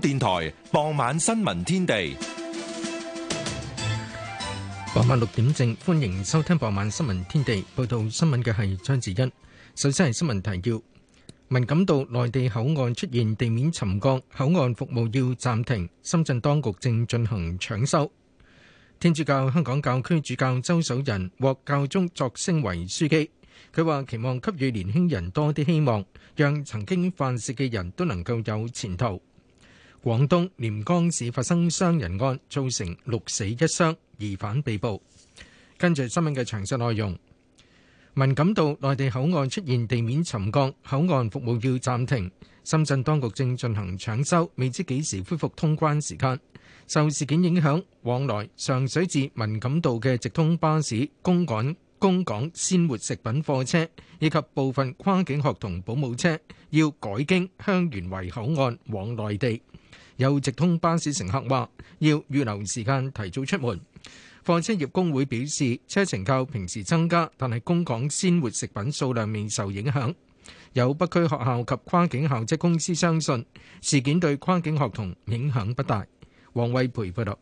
電台傍晚新聞天地，傍晚六點正，歡迎收聽傍晚新聞天地。報道新聞嘅係張志欣。首先係新聞提要：文錦渡內地口岸出現地面沉降，口岸服務要暫停。深圳當局正進行搶修。天主教香港教區主教周守仁獲教宗擢升為樞機，佢話期望給予年輕人多啲希望，讓曾經犯事嘅人都能夠有前途。廣東廉江市發生傷人案，造成六死一傷，疑犯被捕。跟住新聞嘅詳細內容，文錦渡內地口岸出現地面沉降，口岸服務要暫停。深圳當局正進行搶修，未知幾時恢復通關時間。受事件影響，往來上水至文錦渡嘅直通巴士公館。公港鮮活食品貨車以及部分跨境學童保姆車要改經香園圍口岸往內地。有直通巴士乘客話要預留時間提早出門。貨車業工會表示車程較平時增加，但係公港鮮活食品數量未受影響。有北區學校及跨境校車公司相信事件對跨境學童影響不大。王衛培報道。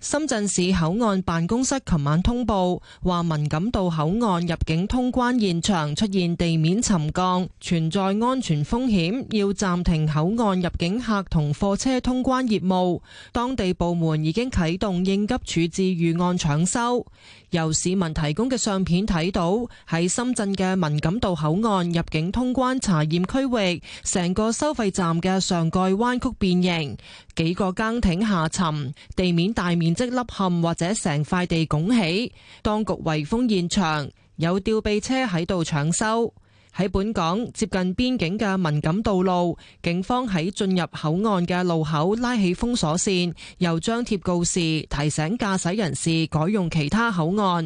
深圳市口岸辦公室琴晚通報，話文錦渡口岸入境通關現場出現地面沉降，存在安全風險，要暫停口岸入境客同貨車通關業務。當地部門已經啟動應急處置預案搶修。由市民提供嘅相片睇到，喺深圳嘅文錦渡口岸入境通關查驗區域，成個收費站嘅上蓋彎曲變形，幾個崗亭下沉，地面大面面積凹陷或者成塊地拱起，當局圍封現場，有吊臂車喺度搶修。喺本港接近邊境嘅敏感道路，警方喺進入口岸嘅路口拉起封鎖線，又張貼告示提醒駕駛人士改用其他口岸。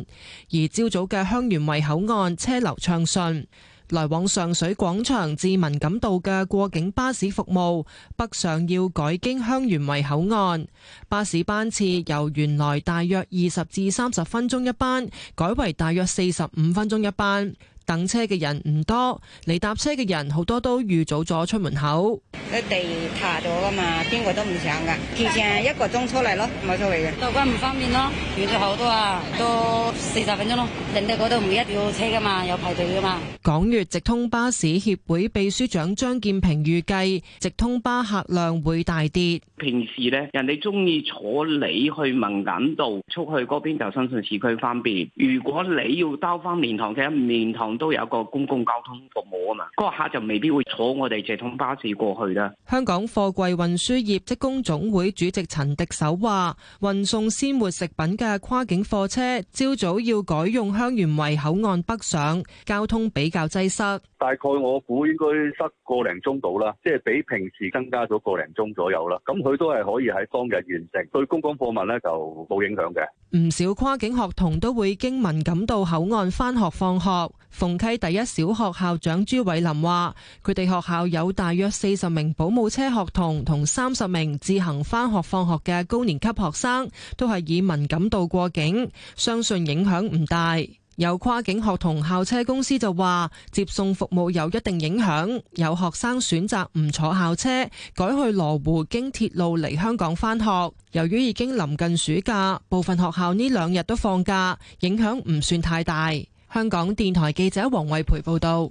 而朝早嘅香園圍口岸車流暢順。來往上水廣場至文錦道嘅過境巴士服務，北上要改經香園圍口岸，巴士班次由原來大約二十至三十分鐘一班，改為大約四十五分鐘一班。等車嘅人唔多，嚟搭車嘅人好多都預早咗出門口。個地塌咗噶嘛，邊個都唔想噶。提前一個鐘出嚟咯，冇所謂嘅。過關唔方便咯，遠咗好多啊，都四十分鐘咯。人哋嗰度唔一定要車噶嘛，有排隊噶嘛。港粵，直通巴士協會秘書長張建平預計，直通巴客量會大跌。平時咧，人哋中意坐你去文錦道出去嗰邊就相信市區方便。如果你要兜翻蓮塘嘅，蓮塘都有個公共交通服務啊嘛。嗰客就未必會坐我哋直通巴士過去啦。香港貨櫃運輸業職工總會主席陳迪手話，運送鮮活食品嘅跨境貨車朝早要改用香園圍口岸北上，交通比較擠塞。大概我估應該塞個零鐘到啦，即係比平時增加咗個零鐘左右啦。咁佢。佢都係可以喺當日完成，對供港貨物咧就冇影響嘅。唔少跨境學童都會經文錦道口岸翻學放學。鳳溪第一小學校長朱偉林話，佢哋學校有大約四十名保姆車學童同三十名自行翻學放學嘅高年級學生，都係以文錦道過境，相信影響唔大。有跨境學童校車公司就話，接送服務，有一定影響，有學生選擇唔坐校車，改去羅湖經鐵路嚟香港返學。由於已經臨近暑假，部分學校呢兩日都放假，影響唔算太大。香港電台記者黃慧培報道。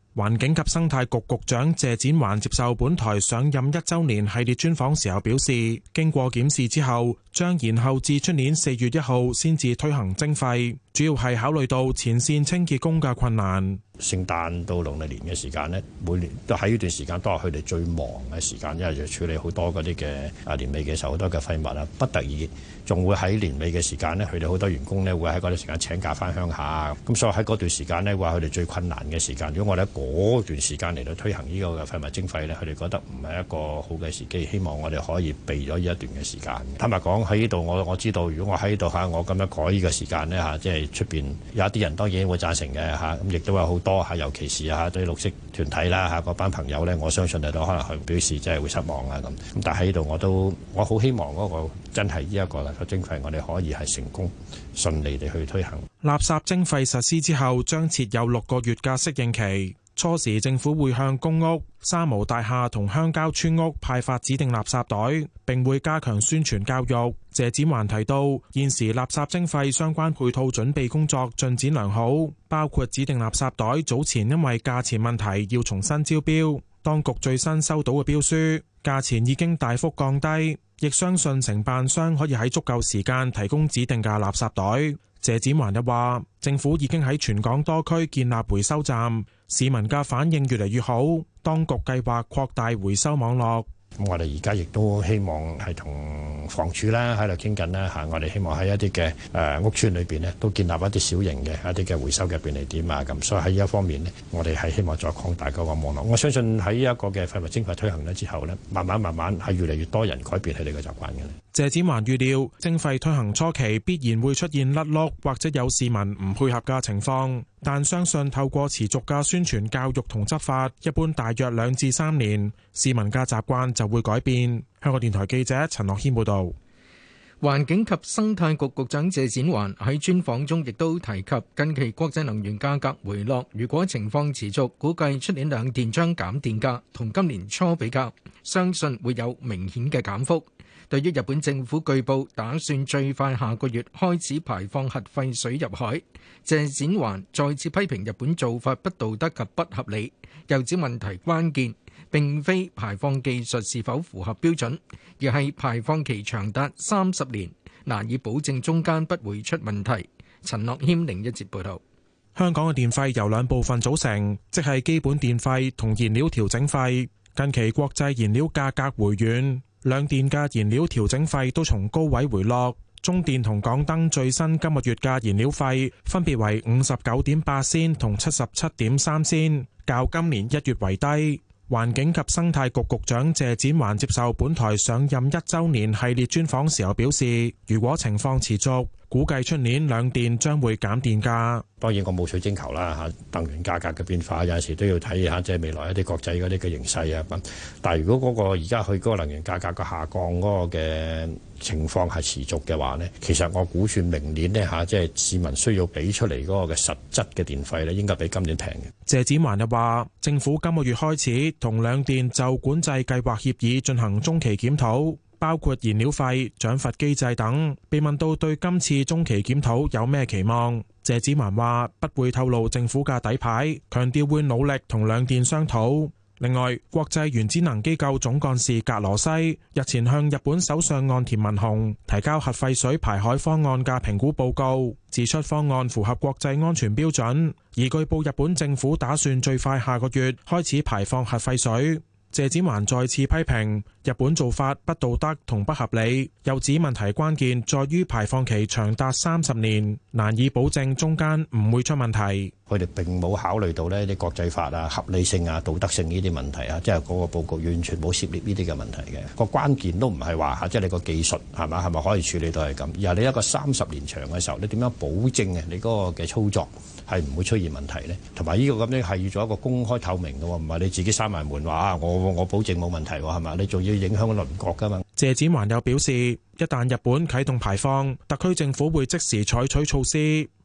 環境及生態局局長謝展環接受本台，上任一周年系列專訪時候表示，經過檢視之後。將延後至出年四月一號先至推行徵費，主要係考慮到前線清潔工嘅困難。聖誕到農曆年嘅時間咧，每年都喺呢段時間都係佢哋最忙嘅時間，因為要處理好多嗰啲嘅啊年尾嘅時候好多嘅廢物啊，不得已仲會喺年尾嘅時間咧，佢哋好多員工咧會喺嗰段時間請假翻鄉下，咁所以喺嗰段時間咧話佢哋最困難嘅時間。如果我哋喺嗰段時間嚟到推行呢個嘅廢物徵費咧，佢哋覺得唔係一個好嘅時機。希望我哋可以避咗呢一段嘅時間。坦白講。喺呢度我我知道，如果我喺呢度嚇，我咁樣改呢個時間呢，嚇，即係出邊有一啲人當然會贊成嘅嚇，咁亦都有好多嚇，尤其是嚇對綠色團體啦嚇，嗰班朋友呢，我相信你都可能佢表示即係會失望啊咁。但喺呢度我都我好希望嗰個真係呢一個垃圾徵費，我哋可以係成功順利地去推行。垃圾徵費實施之後，將設有六個月嘅適應期。初時政府會向公屋、三無大廈同鄉郊村屋派發指定垃圾袋，並會加強宣傳教育。謝展寰提到，現時垃圾徵費相關配套準備工作進展良好，包括指定垃圾袋早前因為價錢問題要重新招標，當局最新收到嘅標書價錢已經大幅降低，亦相信承辦商可以喺足夠時間提供指定嘅垃圾袋。謝展華又話：政府已經喺全港多區建立回收站，市民嘅反應越嚟越好。當局計劃擴大回收網絡。咁我哋而家亦都希望係同房署啦，喺度傾緊啦吓。我哋希望喺一啲嘅誒屋村裏邊咧，都建立一啲小型嘅一啲嘅回收嘅便利店啊。咁所以喺呢一方面呢，我哋係希望再擴大嗰個網絡。我相信喺呢一個嘅廢物徵費推行咗之後咧，慢慢慢慢係越嚟越多人改變佢哋嘅習慣嘅。謝展環預料徵費推行初期必然會出現甩落或者有市民唔配合嘅情況，但相信透過持續嘅宣傳、教育同執法，一般大約兩至三年，市民嘅習慣就會改變。香港電台記者陳樂謙報道。環境及生態局局長謝展環喺專訪中亦都提及，近期國際能源價格回落，如果情況持續，估計出年兩電將減電價，同今年初比較，相信會有明顯嘅減幅。對於日本政府據報打算最快下個月開始排放核廢水入海，謝展環再次批評日本做法不道德及不合理，又指問題關鍵並非排放技術是否符合標準，而係排放期長達三十年，難以保證中間不會出問題。陳樂謙另一節報導，香港嘅電費由兩部分組成，即係基本電費同燃料調整費。近期國際燃料價格回軟。兩電嘅燃料調整費都從高位回落，中電同港燈最新今個月嘅燃料費分別為五十九點八仙同七十七點三仙，較今年一月為低。環境及生態局局長謝展寰接受本台上任一周年系列專訪時候表示，如果情況持續。估計出年兩電將會減電價，當然我冇水晶球啦吓，能源價格嘅變化有陣時都要睇下，即係未來一啲國際嗰啲嘅形勢啊。但係如果嗰個而家去嗰個能源價格嘅下降嗰個嘅情況係持續嘅話呢，其實我估算明年呢，吓，即係市民需要俾出嚟嗰個嘅實質嘅電費咧，應該比今年平嘅。謝展環又話，政府今個月開始同兩電就管制計劃協議進行中期檢討。包括燃料費、獎罰機制等。被問到對今次中期檢討有咩期望，謝子文話：不會透露政府嘅底牌，強調會努力同兩電商討。另外，國際原子能機構總幹事格羅西日前向日本首相岸田文雄提交核廢水排海方案嘅評估報告，指出方案符合國際安全標準。而據報，日本政府打算最快下個月開始排放核廢水。謝展環再次批評日本做法不道德同不合理，又指問題關鍵在於排放期長達三十年，難以保證中間唔會出問題。佢哋並冇考慮到呢啲國際法啊、合理性啊、道德性呢啲問題啊，即係嗰個報告完全冇涉獵呢啲嘅問題嘅。個關鍵都唔係話嚇，即係你個技術係咪，係咪可以處理到係咁？而係你一個三十年長嘅時候，你點樣保證嘅你嗰個嘅操作係唔會出現問題呢？同埋呢個咁樣係要做一個公開透明嘅，唔係你自己閂埋門話啊！我我保證冇問題㗎嘛？你仲要影響鄰國㗎嘛？謝展寰又表示，一旦日本啟動排放，特區政府會即時採取措施。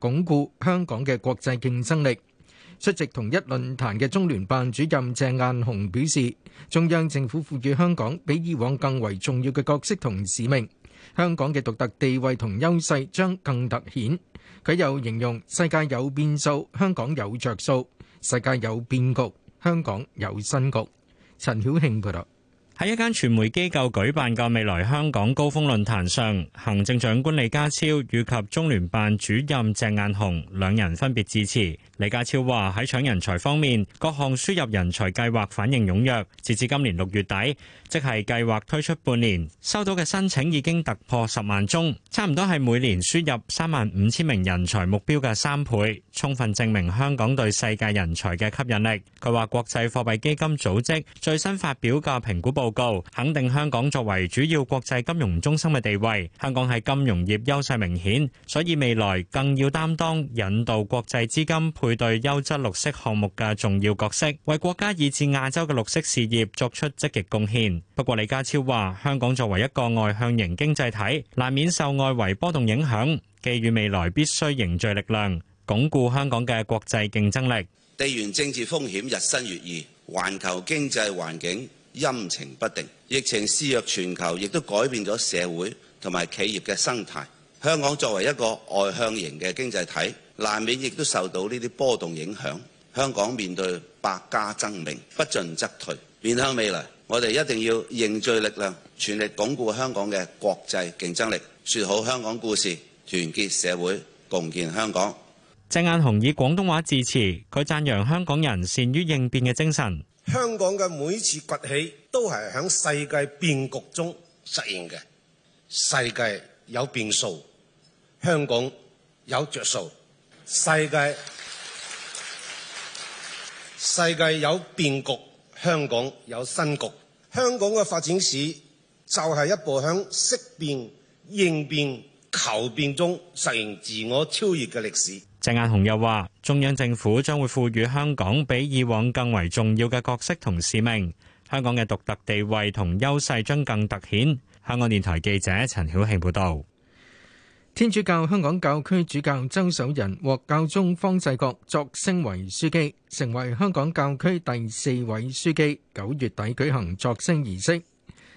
鞏固香港嘅國際競爭力。出席同一論壇嘅中聯辦主任鄭雁雄表示，中央政府賦予香港比以往更為重要嘅角色同使命，香港嘅獨特地位同優勢將更突顯。佢又形容世界有變數，香港有著數；世界有變局，香港有新局。陳曉慶報導。喺一間傳媒機構舉辦嘅未來香港高峰論壇上，行政長官李家超以及中聯辦主任鄭雁雄兩人分別致辭。李家超話喺搶人才方面，各項輸入人才計劃反應踴躍，截至今年六月底，即係計劃推出半年，收到嘅申請已經突破十萬宗，差唔多係每年輸入三萬五千名人才目標嘅三倍，充分證明香港對世界人才嘅吸引力。佢話國際貨幣基金組織最新發表嘅評估報。肯定香港作為主要國際金融中心嘅地位，香港係金融業優勢明顯，所以未來更要擔當引導國際資金配對優質綠色項目嘅重要角色，為國家以至亞洲嘅綠色事業作出積極貢獻。不過李家超話，香港作為一個外向型經濟體，難免受外圍波動影響，寄予未來必須凝聚力量，鞏固香港嘅國際競爭力。地緣政治風險日新月異，環球經濟環境。陰晴不定，疫情肆虐全球，亦都改變咗社會同埋企業嘅生態。香港作為一個外向型嘅經濟體，難免亦都受到呢啲波動影響。香港面對百家爭鳴，不進則退。面向未來，我哋一定要凝聚力量，全力鞏固香港嘅國際競爭力，説好香港故事，團結社會，共建香港。鄭雁雄以廣東話致辭，佢讚揚香港人善於應變嘅精神。香港嘅每次崛起都係喺世界變局中實現嘅。世界有變數，香港有着數。世界，世界有變局，香港有新局。香港嘅發展史就係一部喺識變應變求變中實現自我超越嘅歷史。鄭雁雄又話，中央政府將會賦予香港比以往更為重要嘅角色同使命，香港嘅獨特地位同優勢將更突顯。香港電台記者陳曉慶報導。天主教香港教區主教周守仁獲教宗方濟各擢升為樞機，成為香港教區第四位樞機，九月底舉行擢升儀式。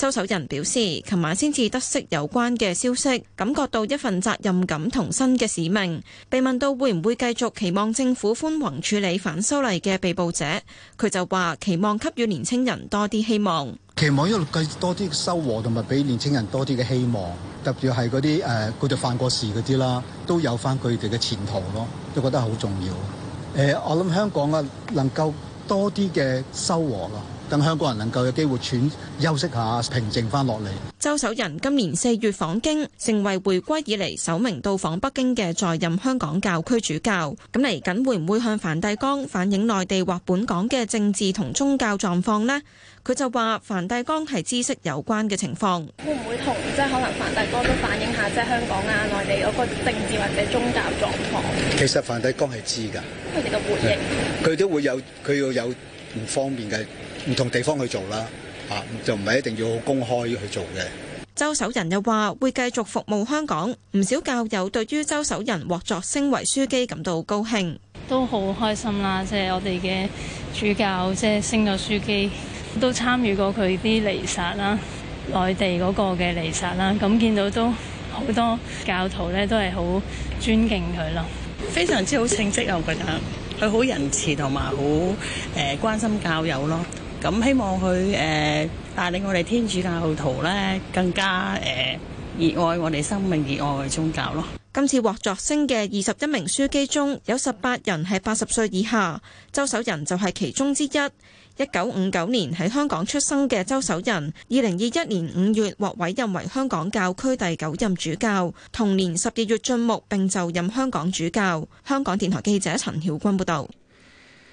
收手人表示，琴晚先至得悉有關嘅消息，感覺到一份責任感同新嘅使命。被問到會唔會繼續期望政府寬宏處理反修例嘅被捕者，佢就話期望給予年青人多啲希望，期望一路計多啲收穫同埋俾年青人多啲嘅希望，特別係嗰啲誒佢就犯過事嗰啲啦，都有返佢哋嘅前途咯，都覺得好重要。誒、呃，我諗香港啊，能夠多啲嘅收穫咯。等香港人能夠有機會喘休息下，平靜翻落嚟。周守仁今年四月訪京，成為回歸以嚟首名到訪北京嘅在任香港教區主教。咁嚟緊會唔會向梵蒂岡反映內地或本港嘅政治同宗教狀況咧？佢就話梵蒂岡係知悉有關嘅情況，會唔會同即係可能梵蒂岡都反映下即係、就是、香港啊內地嗰個政治或者宗教狀況。其實梵蒂岡係知噶，佢哋都回應，佢都會有佢要有唔方便嘅。唔同地方去做啦，啊，就唔係一定要公開去做嘅。周守仁又話：會繼續服務香港。唔少教友對於周守仁獲擢升為樞機感到高興，都好開心啦！即係我哋嘅主教，即係升咗樞機，都參與過佢啲彌撒啦，內地嗰個嘅彌撒啦。咁見到都好多教徒咧，都係好尊敬佢咯。非常之好稱職啊！我覺得佢好仁慈同埋好誒關心教友咯。咁希望佢誒帶領我哋天主教徒咧，更加誒熱、呃、愛我哋生命，熱愛宗教咯。今次獲擢升嘅二十一名樞機中有十八人係八十歲以下，周守仁就係其中之一。一九五九年喺香港出生嘅周守仁，二零二一年五月獲委任為香港教區第九任主教，同年十二月晉牧並就任香港主教。香港電台記者陳曉君報道。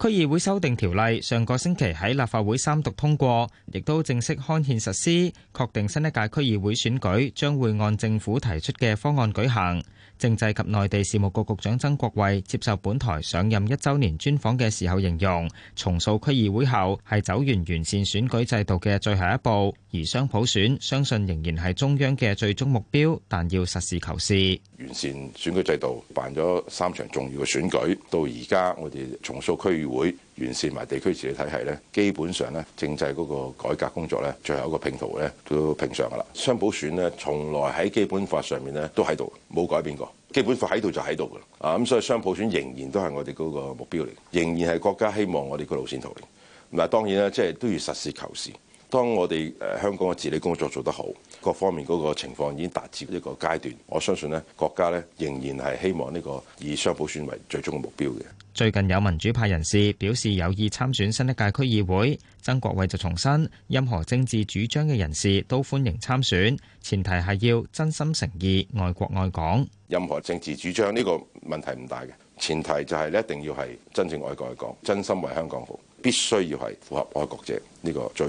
區議會修訂條例上個星期喺立法會三讀通過，亦都正式刊憲實施，確定新一屆區議會選舉將會按政府提出嘅方案舉行。政制及內地事務局局長曾國衛接受本台上任一週年專訪嘅時候形容，重塑區議會後係走完完善選舉制度嘅最後一步，而雙普選相信仍然係中央嘅最終目標，但要實事求是。完善選舉制度，辦咗三場重要嘅選舉，到而家我哋重塑區議會，完善埋地區治理體系咧，基本上咧政制嗰個改革工作咧，最後一個拼圖咧都拼上噶啦。雙普選咧，從來喺基本法上面咧都喺度，冇改變過，基本法喺度就喺度噶啦。啊咁，所以雙普選仍然都係我哋嗰個目標嚟，仍然係國家希望我哋個路線圖嚟。嗱，當然啦，即係都要實事求是。當我哋誒香港嘅治理工作做得好。各方面嗰個情況已經達至呢個階段，我相信咧國家咧仍然係希望呢個以雙普選為最終嘅目標嘅。最近有民主派人士表示有意參選新一屆區議會，曾國衛就重申，任何政治主張嘅人士都歡迎參選，前提係要真心誠意愛國愛港。任何政治主張呢個問題唔大嘅，前提就係一定要係真正愛國愛港，真心為香港好，必須要係符合愛國者呢個最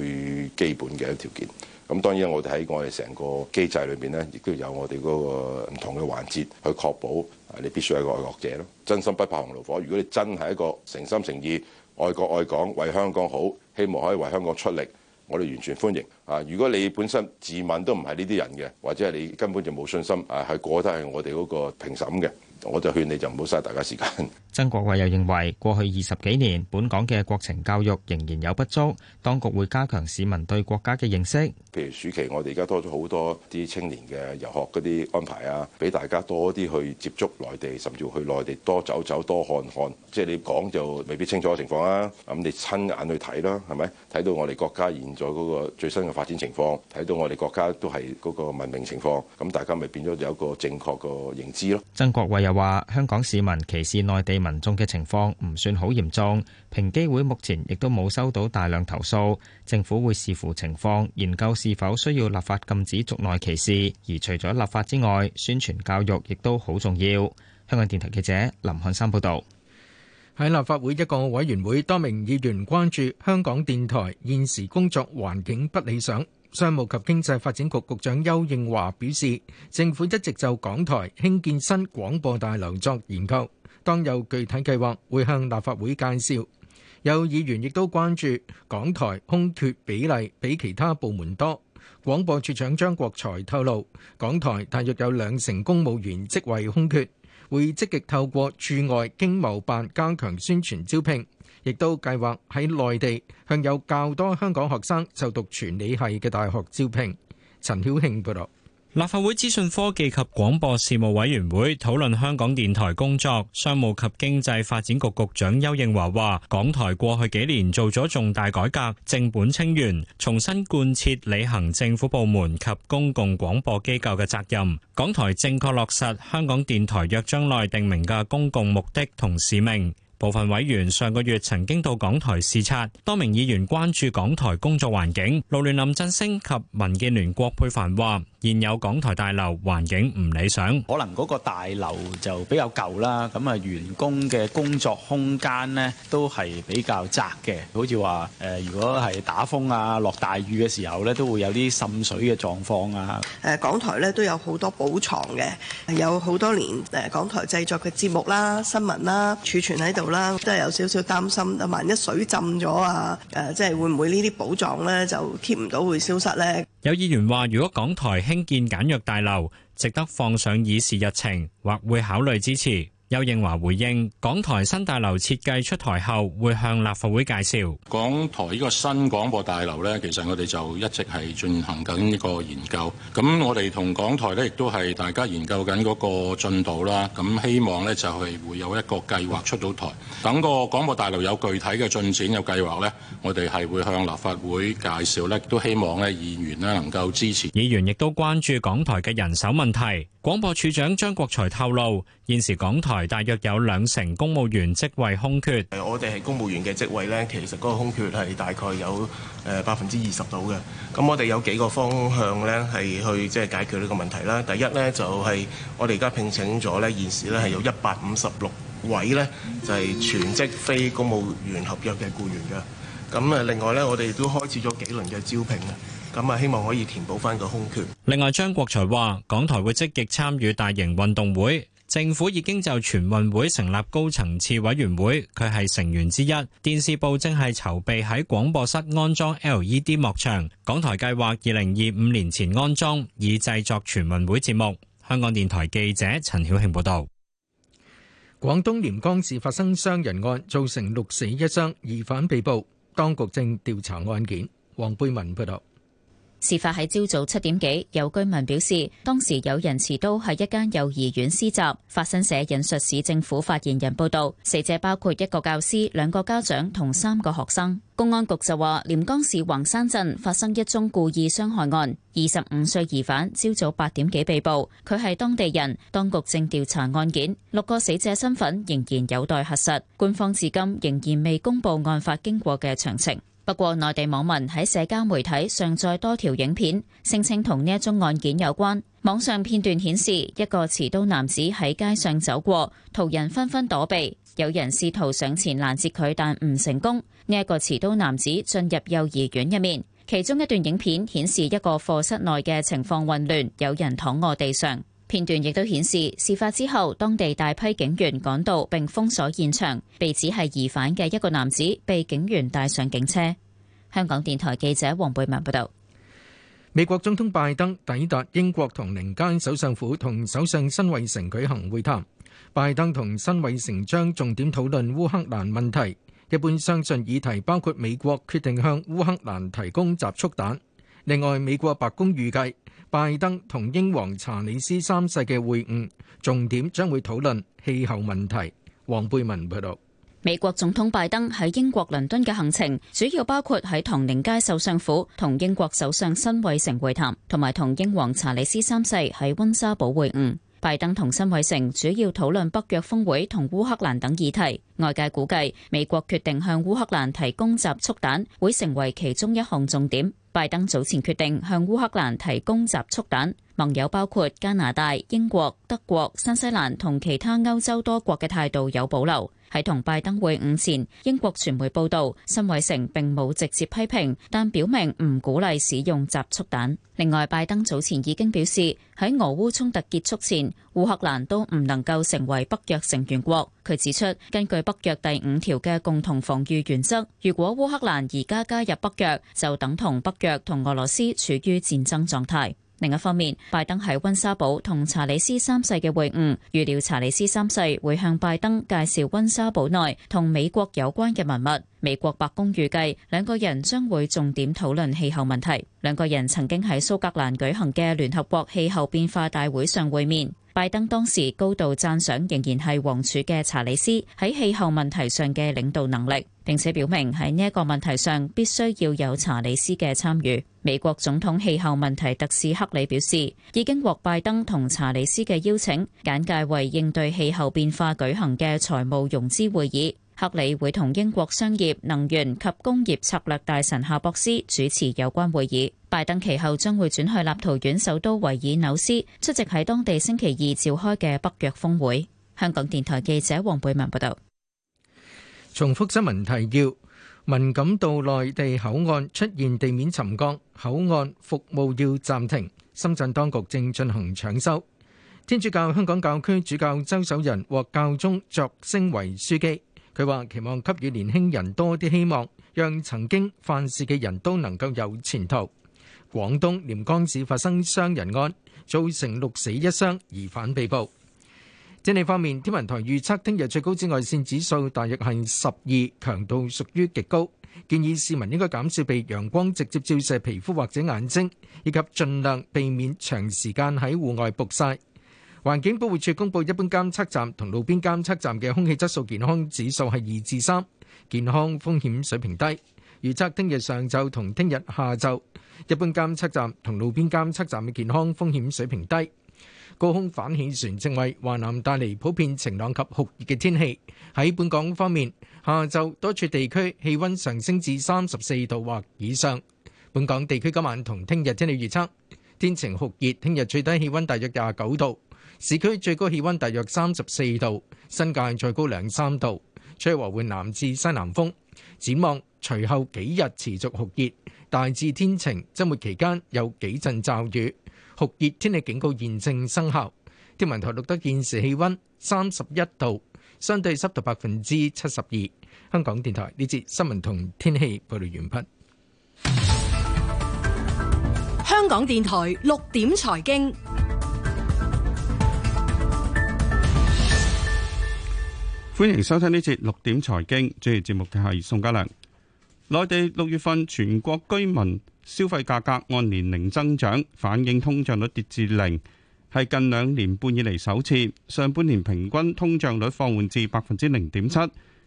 基本嘅條件。咁當然，我哋喺我哋成個機制裏面呢，亦都有我哋嗰個唔同嘅環節去確保，你必須係個愛國者咯。真心不怕紅爐火，如果你真係一個誠心誠意愛國愛港、為香港好，希望可以為香港出力，我哋完全歡迎。啊，如果你本身自問都唔係呢啲人嘅，或者係你根本就冇信心，啊，係過得係我哋嗰個評審嘅。我就勸你就唔好嘥大家時間。曾國衛又認為過去二十幾年，本港嘅國情教育仍然有不足，當局會加強市民對國家嘅認識，譬如暑期，我哋而家多咗好多啲青年嘅遊學嗰啲安排啊，俾大家多啲去接觸內地，甚至去內地多走走、多看看。即係你講就未必清楚嘅情況啊，咁你親眼去睇啦，係咪？睇到我哋國家現在嗰個最新嘅發展情況，睇到我哋國家都係嗰個文明情況，咁大家咪變咗有個正確個認知咯。曾國衛又話香港市民歧視內地民眾嘅情況唔算好嚴重，平機會目前亦都冇收到大量投訴，政府會視乎情況研究是否需要立法禁止族內歧視。而除咗立法之外，宣傳教育亦都好重要。香港電台記者林漢山報道。喺立法會一個委員會，多名議員關注香港電台現時工作環境不理想。商務及經濟發展局局長邱應華表示，政府一直就港台興建新廣播大樓作研究，當有具體計劃會向立法會介紹。有議員亦都關注港台空缺比例比其他部門多。廣播處長張國財透露，港台大約有兩成公務員職位空缺，會積極透過駐外經貿辦加強宣傳招聘。亦都計劃喺內地向有較多香港學生就讀傳理系嘅大學招聘陳。陳曉慶報道，立法會資訊科技及廣播事務委員會討論香港電台工作。商務及經濟發展局局長丘應樺話：港台過去幾年做咗重大改革，正本清源，重新貫徹履行政府部門及公共廣播機構嘅責任。港台正確落實香港電台約章內訂明嘅公共目的同使命。部分委員上個月曾經到港台視察，多名議員關注港台工作環境。勞聯林振昇及民建聯葛珮帆話：現有港台大樓環境唔理想，可能嗰個大樓就比較舊啦。咁啊，員工嘅工作空間咧都係比較窄嘅，好似話誒，如果係打風啊、落大雨嘅時候咧，都會有啲滲水嘅狀況啊。誒，港台咧都有好多寶藏嘅，有好多年誒港台製作嘅節目啦、新聞啦，儲存喺度。都真係有少少擔心，萬一水浸咗啊，誒，即係會唔會呢啲寶藏呢就 keep 唔到，會消失呢？有議員話：如果港台興建簡約大樓，值得放上議事日程，或會考慮支持。邱應樺回應：港台新大樓設計出台後，會向立法會介紹。港台呢個新廣播大樓咧，其實我哋就一直係進行緊呢個研究。咁我哋同港台咧，亦都係大家研究緊嗰個進度啦。咁希望咧就係會有一個計劃出到台。等個廣播大樓有具體嘅進展、有計劃咧，我哋係會向立法會介紹咧，都希望咧議員咧能夠支持。議員亦都關注港台嘅人手問題。廣播處長張國財透露，現時港台。大約有兩成公務員職位空缺，我哋係公務員嘅職位呢，其實嗰個空缺係大概有誒百分之二十度嘅。咁我哋有幾個方向呢，係去即係解決呢個問題啦。第一呢就係我哋而家聘請咗呢，現時呢係有一百五十六位呢就係全職非公務員合約嘅僱員嘅。咁啊，另外呢我哋亦都開始咗幾輪嘅招聘啊。咁啊，希望可以填補翻個空缺。另外，張國財話，港台會積極參與大型運動會。政府已經就全運會成立高層次委員會，佢係成員之一。電視部正係籌備喺廣播室安裝 LED 幕牆，港台計劃二零二五年前安裝，以製作全運會節目。香港電台記者陳曉慶報道。廣東廉江市發生傷人案，造成六死一傷，疑犯被捕，當局正調查案件。黃貝文報道。事發喺朝早七點幾，有居民表示，當時有人持刀喺一間幼兒園施襲。法新社引述市政府發言人報道，死者包括一個教師、兩個家長同三個學生。公安局就話，廉江市橫山鎮發生一宗故意傷害案，二十五歲疑犯朝早八點幾被捕，佢係當地人，當局正調查案件，六個死者身份仍然有待核實。官方至今仍然未公布案發經過嘅詳情。不過，內地網民喺社交媒體上載多條影片，聲稱同呢一宗案件有關。網上片段顯示，一個持刀男子喺街上走過，途人紛紛躲避，有人試圖上前攔截佢，但唔成功。呢一個持刀男子進入幼兒園入面，其中一段影片顯示一個課室內嘅情況混亂，有人躺臥地上。片段亦都顯示，事發之後，當地大批警員趕到並封鎖現場。被指係疑犯嘅一個男子，被警員帶上警車。香港電台記者黃貝文報導。美國總統拜登抵達英國唐寧街首相府同首相辛偉誠舉行會談。拜登同辛偉誠將重點討論烏克蘭問題。一般相信議題包括美國決定向烏克蘭提供集束彈。另外，美國白宮預計，拜登同英皇查理斯三世嘅會晤，重點將會討論氣候問題。黃貝文報道。美國總統拜登喺英國倫敦嘅行程，主要包括喺唐寧街首相府，同英國首相辛偉誠會談，同埋同英皇查理斯三世喺溫莎堡會晤。拜登同辛偉誠主要討論北約峰會同烏克蘭等議題，外界估計美國決定向烏克蘭提供集束彈會成為其中一項重點。拜登早前決定向烏克蘭提供集束彈，盟友包括加拿大、英國、德國、新西蘭同其他歐洲多國嘅態度有保留。喺同拜登會晤前，英國傳媒報道，辛偉誠並冇直接批評，但表明唔鼓勵使用集束彈。另外，拜登早前已經表示，喺俄烏衝突結束前，烏克蘭都唔能夠成為北約成員國。佢指出，根據北約第五條嘅共同防禦原則，如果烏克蘭而家加入北約，就等同北約同俄羅斯處於戰爭狀態。另一方面，拜登喺溫莎堡同查理斯三世嘅會晤，預料查理斯三世會向拜登介紹溫莎堡內同美國有關嘅文物。美國白宮預計兩個人將會重點討論氣候問題。兩個人曾經喺蘇格蘭舉行嘅聯合國氣候變化大會上會面。拜登當時高度讚賞仍然係王儲嘅查理斯喺氣候問題上嘅領導能力，並且表明喺呢一個問題上必須要有查理斯嘅參與。美國總統氣候問題特使克里表示，已經獲拜登同查理斯嘅邀請，簡介為應對氣候變化舉行嘅財務融資會議。克里會同英國商業、能源及工業策略大臣夏博斯主持有關會議。拜登其後將會轉去立陶宛首都維爾紐斯出席喺當地星期二召開嘅北約峯會。香港電台記者黃貝文報道。重複新聞提要：文錦渡內地口岸出現地面沉降，口岸服務要暫停。深圳當局正進行搶修。天主教香港教區主教周守仁獲教宗擢升為樞機。佢話期望給予年輕人多啲希望，讓曾經犯事嘅人都能夠有前途。廣東廉江市發生傷人案，造成六死一傷，疑犯被捕。天氣方面，天文台預測聽日最高紫外線指數大約係十二，強度屬於極高，建議市民應該減少被陽光直接照射皮膚或者眼睛，以及盡量避免長時間喺戶外曝曬。環境保護署公布，一般監測站同路邊監測站嘅空氣質素健康指數係二至三，健康風險水平低。預測聽日上晝同聽日下晝，一般監測站同路邊監測站嘅健康風險水平低。高空反氣旋正為華南帶嚟普遍晴朗及酷熱嘅天氣。喺本港方面，下晝多處地區氣溫上升至三十四度或以上。本港地區今晚同聽日天氣預測，天晴酷熱，聽日最低氣溫大約廿九度。市區最高氣溫大約三十四度，新界再高兩三度，吹和緩南至西南風。展望隨後幾日持續酷熱，大致天晴，周末期間有幾陣驟雨。酷熱天氣警告現正生效。天文台錄得現時氣溫三十一度，相對濕度百分之七十二。香港電台呢節新聞同天氣報道完畢。香港電台六點財經。歡迎收聽呢節六點財經，主持節目嘅係宋家良。內地六月份全國居民消費價格按年零增長，反映通脹率跌至零，係近兩年半以嚟首次。上半年平均通脹率放緩至百分之零點七。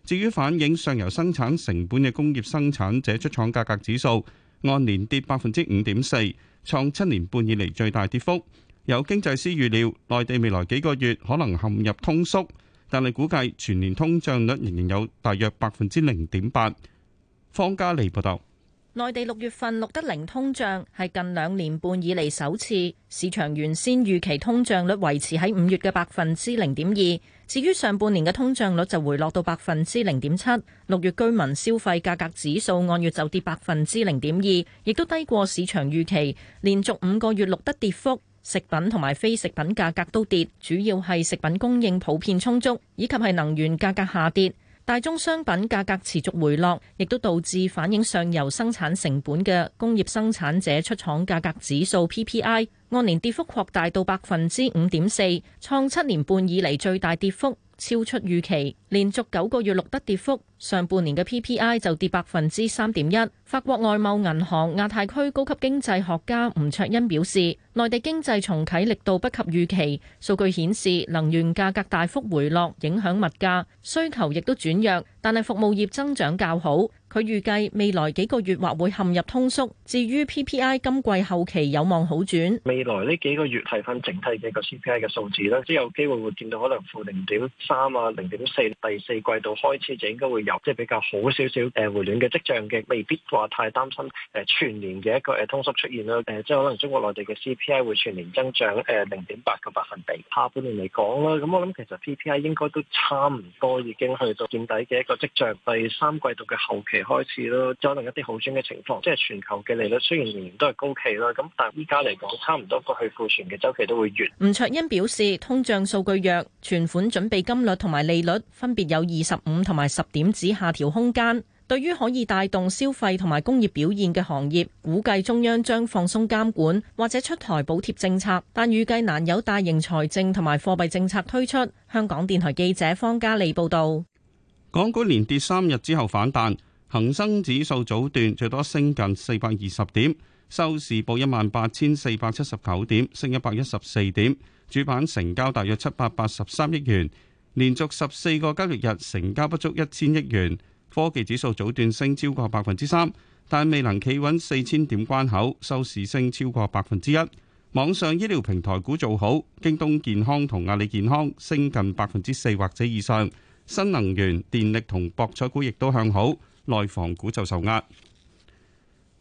至於反映上游生產成本嘅工業生產者出廠價格指數，按年跌百分之五點四，創七年半以嚟最大跌幅。有經濟師預料，內地未來幾個月可能陷入通縮。但係估計全年通脹率仍然有大約百分之零點八。方家利報道，內地六月份錄得零通脹，係近兩年半以嚟首次。市場原先預期通脹率維持喺五月嘅百分之零點二。至於上半年嘅通脹率就回落到百分之零點七。六月居民消費價格指數按月就跌百分之零點二，亦都低過市場預期，連續五個月錄得跌幅。食品同埋非食品價格都跌，主要係食品供應普遍充足，以及係能源價格下跌。大宗商品價格持續回落，亦都導致反映上游生產成本嘅工業生產者出廠價格指數 PPI 按年跌幅擴大到百分之五點四，創七年半以嚟最大跌幅。超出預期，連續九個月錄得跌幅。上半年嘅 PPI 就跌百分之三點一。法國外貿銀行亞太區高級經濟學家吳卓恩表示，內地經濟重啟力度不及預期。數據顯示，能源價格大幅回落，影響物價，需求亦都轉弱。但係服務業增長較好。佢預計未來幾個月或會陷入通縮，至於 PPI 今季後期有望好轉。未來呢幾個月睇翻整體嘅一個 CPI 嘅數字啦，即係有機會會見到可能負零點三啊、零點四。第四季度開始就應該會有即係比較好少少誒回暖嘅跡象嘅，未必話太擔心誒全年嘅一個通縮出現啦。誒、呃、即係可能中國內地嘅 CPI 會全年增長誒零點八個百分比。下半年嚟講啦，咁我諗其實 PPI 應該都差唔多已經去到見底嘅一個跡象。第三季度嘅後期。開始咯，再另一啲好轉嘅情況，即係全球嘅利率雖然仍然都係高企啦，咁但係依家嚟講，差唔多過去庫存嘅周期都會越。吳卓欣表示，通脹數據弱，存款準備金率同埋利率分別有二十五同埋十點子下調空間。對於可以帶動消費同埋工業表現嘅行業，估計中央將放鬆監管或者出台補貼政策，但預計難有大型財政同埋貨幣政策推出。香港電台記者方嘉利報道，港股連跌三日之後反彈。恒生指數早段最多升近四百二十點，收市報一萬八千四百七十九點，升一百一十四點。主板成交大約七百八十三億元，連續十四個交易日成交不足一千億元。科技指數早段升超過百分之三，但未能企穩四千點關口，收市升超過百分之一。網上醫療平台股做好，京東健康同阿里健康升近百分之四或者以上。新能源、電力同博彩股亦都向好。內房股就受壓。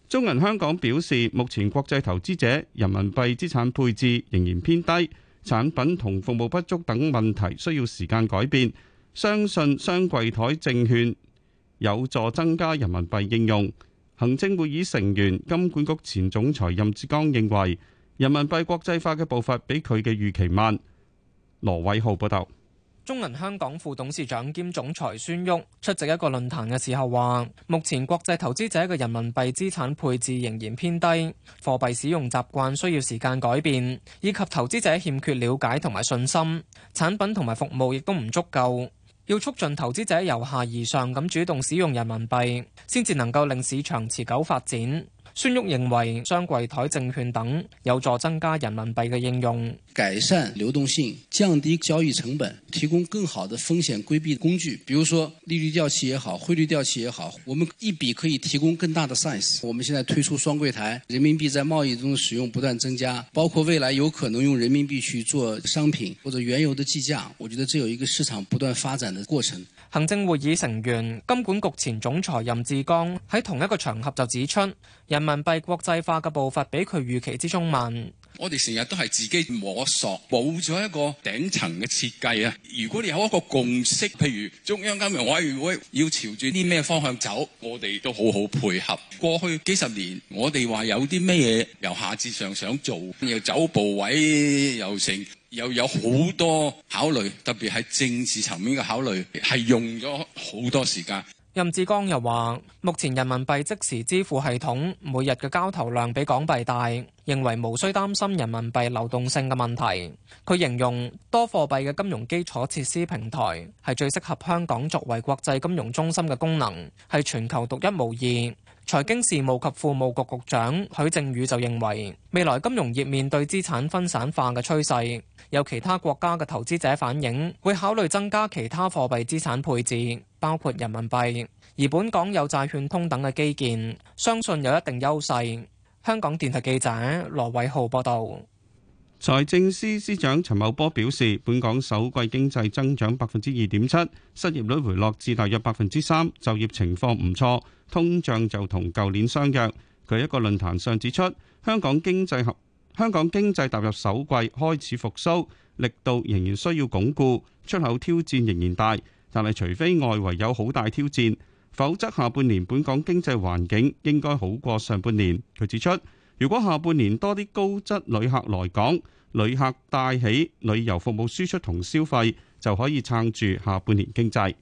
中銀香港表示，目前國際投資者人民幣資產配置仍然偏低，產品同服務不足等問題需要時間改變。相信雙櫃台證券有助增加人民幣應用。行政會議成員金管局前總裁任志剛認為，人民幣國際化嘅步伐比佢嘅預期慢。羅偉浩報道。中銀香港副董事長兼總裁孫旭出席一個論壇嘅時候話，目前國際投資者嘅人民幣資產配置仍然偏低，貨幣使用習慣需要時間改變，以及投資者欠缺了解同埋信心，產品同埋服務亦都唔足夠，要促進投資者由下而上咁主動使用人民幣，先至能夠令市場持久發展。孫煜認為雙櫃台證券等有助增加人民幣嘅應用，改善流動性，降低交易成本，提供更好的風險規避工具，比如說利率掉期也好，匯率掉期也好，我們一筆可以提供更大的 size。我們現在推出雙櫃台，人民幣在貿易中使用不斷增加，包括未來有可能用人民幣去做商品或者原油的計價，我覺得這有一個市場不斷發展的過程。行政會議成員金管局前總裁任志剛喺同一個場合就指出，人民幣國際化嘅步伐比佢預期之中慢。我哋成日都係自己摸索，冇咗一個頂層嘅設計啊！如果你有一個共識，譬如中央金融委員會要朝住啲咩方向走，我哋都好好配合。過去幾十年，我哋話有啲咩嘢由下至上想做，又走步位，又成，又有好多考慮，特別係政治層面嘅考慮，係用咗好多時間。任志剛又話，目前人民幣即時支付系統每日嘅交投量比港幣大，認為無需擔心人民幣流動性嘅問題，佢形容多貨幣嘅金融基礎設施平台，係最適合香港作為國際金融中心嘅功能，係全球獨一無二。財經事務及庫務局局長許正宇就認為，未來金融業面對資產分散化嘅趨勢，有其他國家嘅投資者反映會考慮增加其他貨幣資產配置，包括人民幣。而本港有債券通等嘅基建，相信有一定優勢。香港電台記者羅偉浩報道。財政司司長陳茂波表示，本港首季經濟增長百分之二點七，失業率回落至大約百分之三，就業情況唔錯，通脹就同舊年相若。佢喺一個論壇上指出，香港經濟合香港經濟踏入首季開始復甦，力度仍然需要鞏固，出口挑戰仍然大，但係除非外圍有好大挑戰，否則下半年本港經濟環境應該好過上半年。佢指出，如果下半年多啲高質旅客來港，旅客帶起旅遊服務輸出同消費，就可以撐住下半年經濟。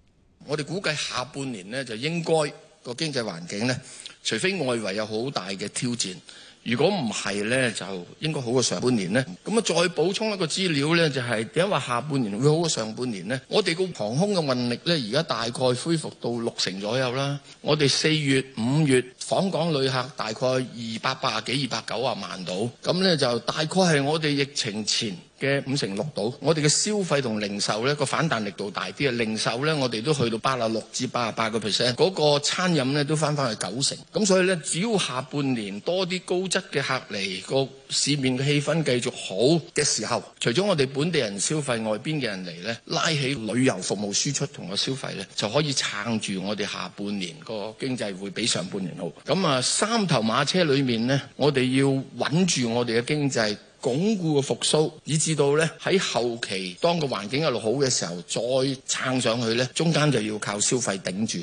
我哋估計下半年呢，就應該呢個經濟環境呢，除非外圍有好大嘅挑戰。如果唔係呢，就應該好過上半年呢。咁啊，再補充一個資料呢，就係點解話下半年會好過上半年呢。我哋個航空嘅運力咧，而家大概恢復到六成左右啦。我哋四月、五月訪港旅客大概二百八十幾、二百九十萬度，咁咧就大概係我哋疫情前嘅五成六度，我哋嘅消費同零售咧，個反彈力度大啲啊！零售咧我哋都去到八啊六至八啊八個 percent，嗰個餐飲咧都翻返去九成。咁所以咧，只要下半年多啲高質嘅客嚟，個市面嘅氣氛繼續好嘅時候，除咗我哋本地人消費，外邊嘅人嚟呢，拉起旅遊服務輸出同個消費呢，就可以撐住我哋下半年個經濟會比上半年好。咁啊，三頭馬車裏面呢，我哋要穩住我哋嘅經濟。鞏固嘅復甦，以至到呢喺後期當個環境一路好嘅時候，再撐上去呢，中間就要靠消費頂住。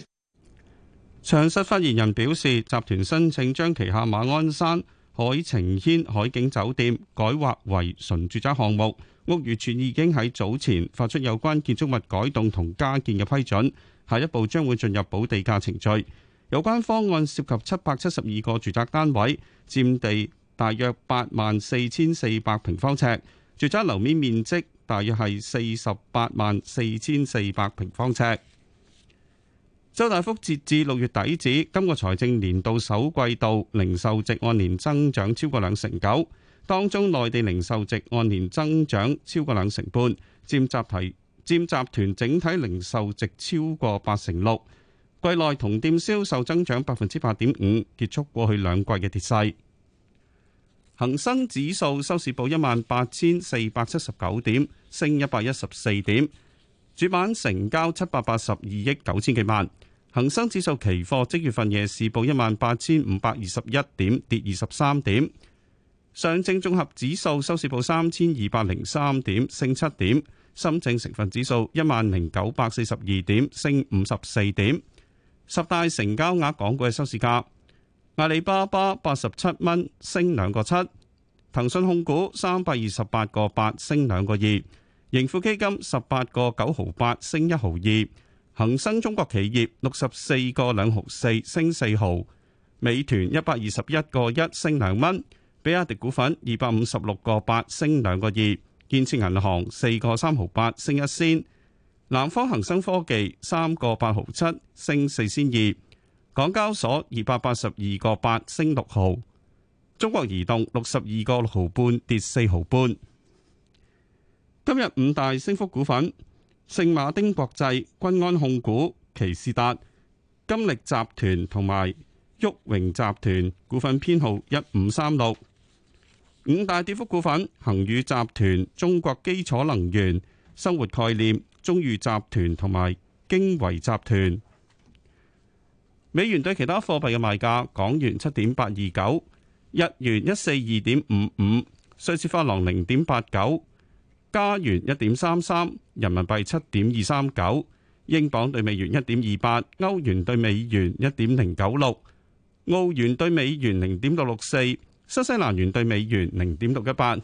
上述發言人表示，集團申請將旗下馬鞍山海澄軒海景酒店改劃為純住宅項目，屋宇署已經喺早前發出有關建築物改動同加建嘅批准，下一步將會進入補地價程序。有關方案涉及七百七十二個住宅單位，佔地大約八萬四千四百平方尺，住宅樓面面積大約係四十八萬四千四百平方尺。周大福截至六月底止，今個財政年度首季度零售值按年增長超過兩成九，當中內地零售值按年增長超過兩成半，佔集提佔集團整體零售值超過八成六。季內同店銷售增長百分之八點五，結束過去兩季嘅跌勢。恒生指數收市報一萬八千四百七十九點，升一百一十四點，主板成交七百八十二億九千幾萬。恒生指數期貨即月份夜市報一萬八千五百二十一點，跌二十三點。上證綜合指數收市報三千二百零三點，升七點。深證成分指數一萬零九百四十二點，升五十四點。十大成交額港股嘅收市價。阿里巴巴八十七蚊，升兩個七；騰訊控股三百二十八個八，升兩個二；盈富基金十八個九毫八，升一毫二；恒生中國企業六十四個兩毫四，升四毫；美團一百二十一個一，升兩蚊；比亞迪股份二百五十六個八，升兩個二；建設銀行四個三毫八，升一仙；南方恒生科技三個八毫七，升四仙二。港交所二百八十二個八，升六毫，中國移動六十二個六毫半，跌四毫半。今日五大升幅股份：聖馬丁國際、君安控股、奇士達、金力集團同埋旭榮集團，股份編號一五三六。五大跌幅股份：恒宇集團、中國基礎能源、生活概念、中譽集團同埋京維集團。美元對其他貨幣嘅賣價：港元七點八二九，日元一四二點五五，瑞士法郎零點八九，加元一點三三，人民幣七點二三九，英鎊兌美元一點二八，歐元兌美元一點零九六，澳元兌美元零點六六四，新西蘭元兌美元零點六一八。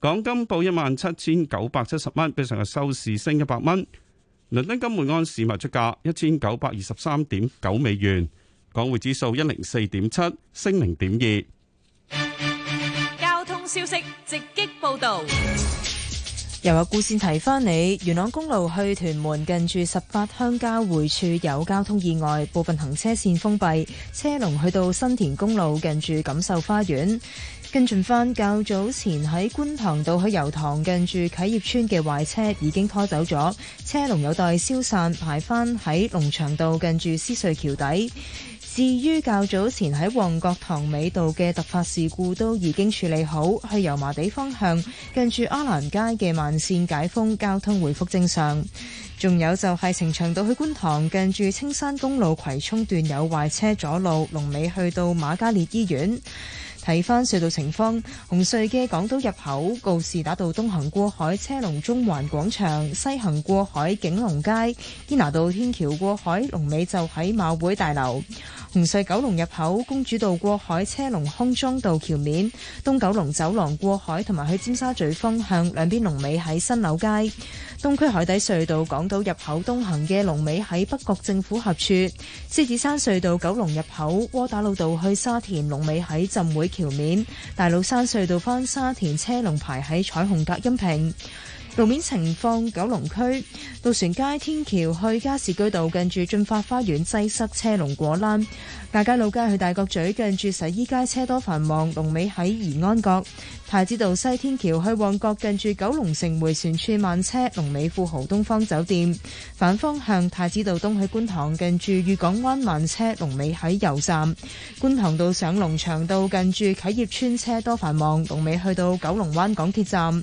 港金報一萬七千九百七十蚊，比上日收市升一百蚊。倫敦金每盎司賣出價一千九百二十三點九美元，港匯指數一零四點七升零點二。交通消息直擊報道，又有故事提翻你：元朗公路去屯門近住十八鄉交匯處有交通意外，部分行車線封閉，車龍去到新田公路近住錦繡花園。跟進翻，較早前喺觀塘道去油塘近住啟業村嘅壞車已經拖走咗，車龍有待消散，排翻喺龍翔道近住獅隧橋底。至於較早前喺旺角塘尾道嘅突發事故，都已經處理好，去油麻地方向近住阿蘭街嘅慢線解封，交通回復正常。仲有就係呈祥道去觀塘近住青山公路葵涌段有壞車阻路，龍尾去到瑪嘉烈醫院。睇翻隧道情況，紅隧嘅港島入口告士打道東行過海車龍，中環廣場西行過海景龍街、堅拿道天橋過海龍尾就喺馬會大樓；紅隧九龍入口公主道過海車龍，康莊道橋面東九龍走廊過海同埋去尖沙咀方向兩邊龍尾喺新樓街。東區海底隧道港島入口東行嘅龍尾喺北角政府合處，獅子山隧道九龍入口窩打老道去沙田龍尾喺浸會橋面，大老山隧道返沙田車龍排喺彩虹隔音屏。路面情況：九龍區渡船街天橋去加士居道近住駿發花園擠塞車龍果欄；亞皆老街去大角咀近住洗衣街車多繁忙，龍尾喺怡安閣太子道西天橋去旺角近住九龍城迴旋處慢車，龍尾富豪東方酒店反方向太子道東去觀塘近住裕港灣慢車，龍尾喺油站；觀塘道上龍翔道近住啟業邨，車多繁忙，龍尾去到九龍灣港鐵站。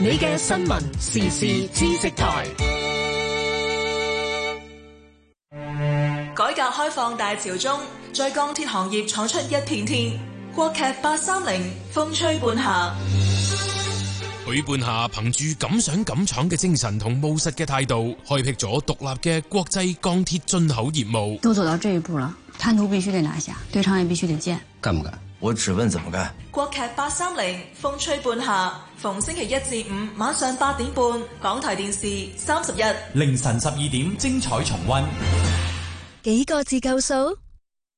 你嘅新聞時事知識台，改革開放大潮中，在鋼鐵行業闖出一片天。國劇八三零，風吹半夏。許半夏憑住敢想敢闖嘅精神同務實嘅態度，開闢咗獨立嘅國際鋼鐵進口業務。都走到這一步了，灘塗必須得拿下，堆場也必須得建。我只問怎麼噶？國劇八三零風吹半夏，逢星期一至五晚上八點半，港台電視三十一，凌晨十二點精彩重温。幾個字夠數？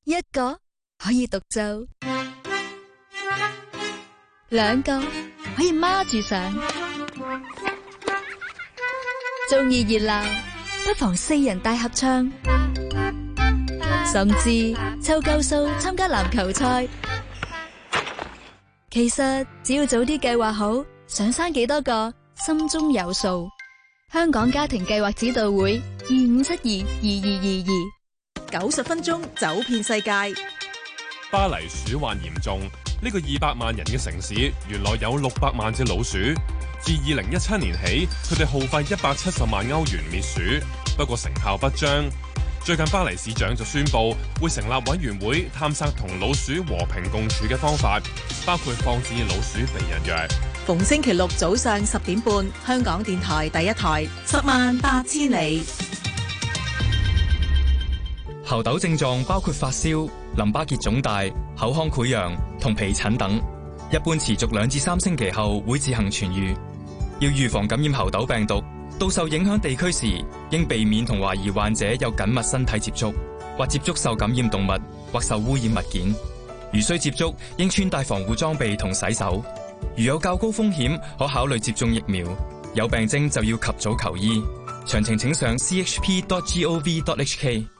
一個可以獨奏，兩個可以孖住上，鍾意熱鬧不妨四人大合唱，甚至湊夠數參加籃球賽。其實，只要早啲計劃好，想生幾多個，心中有數。香港家庭計劃指導會二五七二二二二二九十分鐘走遍世界。巴黎鼠患嚴重，呢個二百萬人嘅城市原來有六百萬隻老鼠。自二零一七年起，佢哋耗費一百七十萬歐元滅鼠，不過成效不彰。最近巴黎市長就宣布會成立委員會，探索同老鼠和平共處嘅方法，包括放置老鼠避孕藥。逢星期六早上十點半，香港電台第一台，十萬八千里。猴痘症狀包括發燒、淋巴結腫大、口腔潰瘍同皮疹等，一般持續兩至三星期後會自行痊癒。要預防感染猴痘病毒。到受影響地區時，應避免同懷疑患者有緊密身體接觸，或接觸受感染動物，或受污染物件。如需接觸，應穿戴防護裝備同洗手。如有較高風險，可考慮接種疫苗。有病徵就要及早求醫。詳情請上 chp.gov.hk。